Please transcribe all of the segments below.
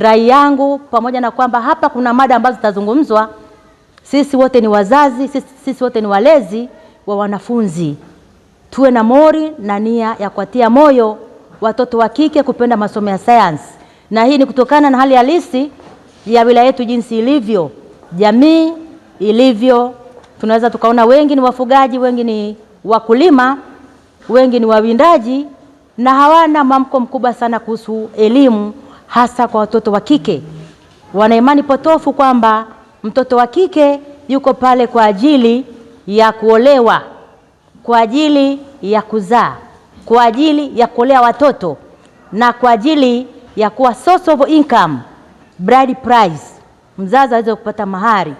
Rai yangu pamoja na kwamba hapa kuna mada ambazo zitazungumzwa, sisi wote ni wazazi, sisi, sisi wote ni walezi wa wanafunzi, tuwe na mori na nia ya kuatia moyo watoto wa kike kupenda masomo ya sayansi, na hii ni kutokana na hali halisi ya wilaya yetu jinsi ilivyo, jamii ilivyo. Tunaweza tukaona wengi ni wafugaji, wengi ni wakulima, wengi ni wawindaji na hawana mwamko mkubwa sana kuhusu elimu hasa kwa watoto wa kike. Wana imani potofu kwamba mtoto wa kike yuko pale kwa ajili ya kuolewa, kwa ajili ya kuzaa, kwa ajili ya kuolea watoto na kwa ajili ya kuwa source of income, bride price, mzazi aweze kupata mahari.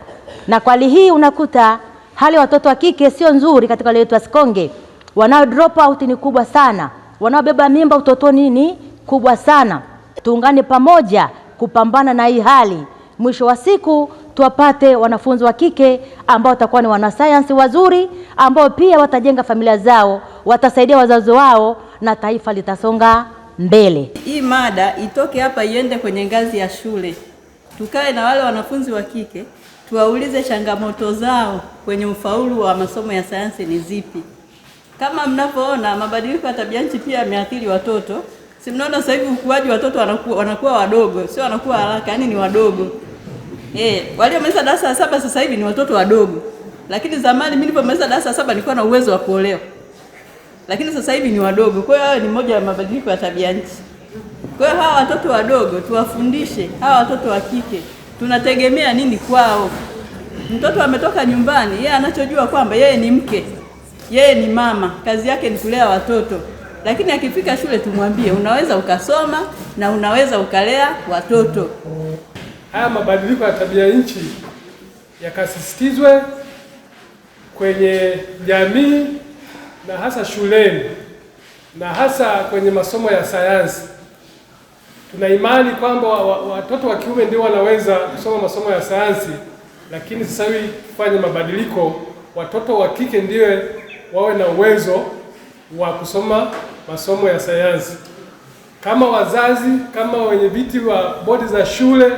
Na kwa hali hii unakuta hali ya watoto wa kike sio nzuri katika wale wetu wa Sikonge. Wanao drop out ni kubwa sana, wanaobeba mimba utotoni ni kubwa sana tuungane pamoja kupambana na hii hali. Mwisho wa siku tuwapate wanafunzi wa kike ambao watakuwa ni wanasayansi wazuri, ambao pia watajenga familia zao, watasaidia wazazi wao na taifa litasonga mbele. Hii mada itoke hapa iende kwenye ngazi ya shule, tukae na wale wanafunzi wa kike tuwaulize changamoto zao kwenye ufaulu wa masomo ya sayansi ni zipi. Kama mnavyoona mabadiliko ya tabia nchi pia yameathiri watoto si mnaona sasa hivi ukuaji watoto wanakuwa, wanakuwa wadogo, sio wanakuwa haraka, yani ni wadogo eh. Waliomaliza darasa la saba sasa hivi ni watoto wadogo, lakini zamani mimi nilipomaliza darasa la saba nilikuwa na uwezo wa kuolewa, lakini sasa hivi ni wadogo. Kwa hiyo ni moja ya mabadiliko ya tabia nchi. Kwa hiyo hawa watoto wadogo tuwafundishe, hawa watoto wa kike tunategemea nini kwao? Mtoto ametoka nyumbani, yeye anachojua kwamba yeye ni mke, yeye ni mama, kazi yake ni kulea watoto lakini akifika shule tumwambie, unaweza ukasoma na unaweza ukalea watoto. Haya mabadiliko ya tabia nchi yakasisitizwe kwenye jamii na hasa shuleni na hasa kwenye masomo ya sayansi. Tuna imani kwamba watoto wa kiume ndio wanaweza kusoma masomo ya sayansi, lakini sasa hivi tufanye mabadiliko, watoto wa kike ndiwe wawe na uwezo wa kusoma masomo ya sayansi. Kama wazazi, kama wenye viti wa bodi za shule,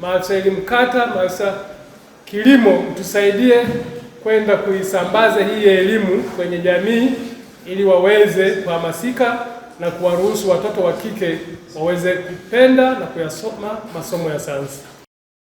maafisa elimu kata, maafisa kilimo, mtusaidie kwenda kuisambaza hii elimu kwenye jamii ili waweze kuhamasika na kuwaruhusu watoto wa kike waweze kupenda na kuyasoma masomo ya sayansi.